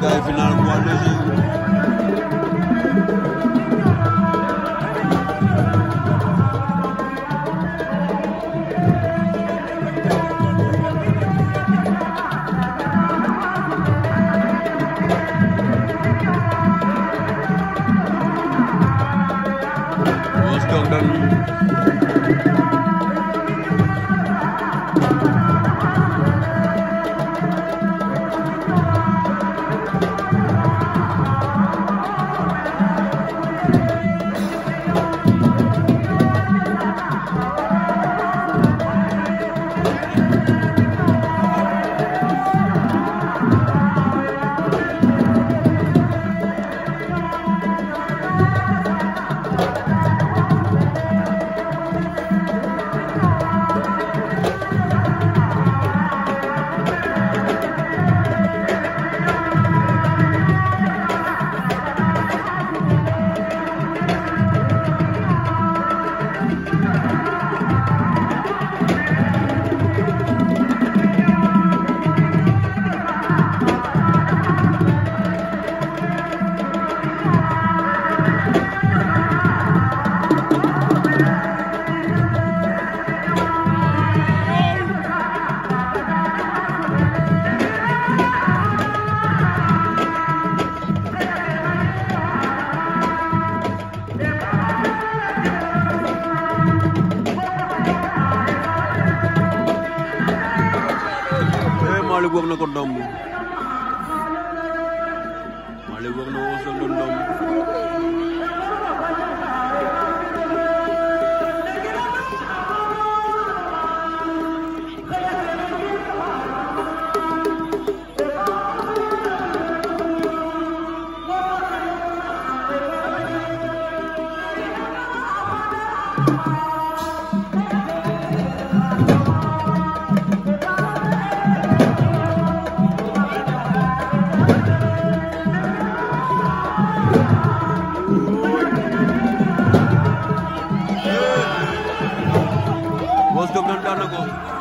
gars final poids léger Let's go, Dundee. Malick wër na ko ndomb Malick wër na ko ndomb gonna go.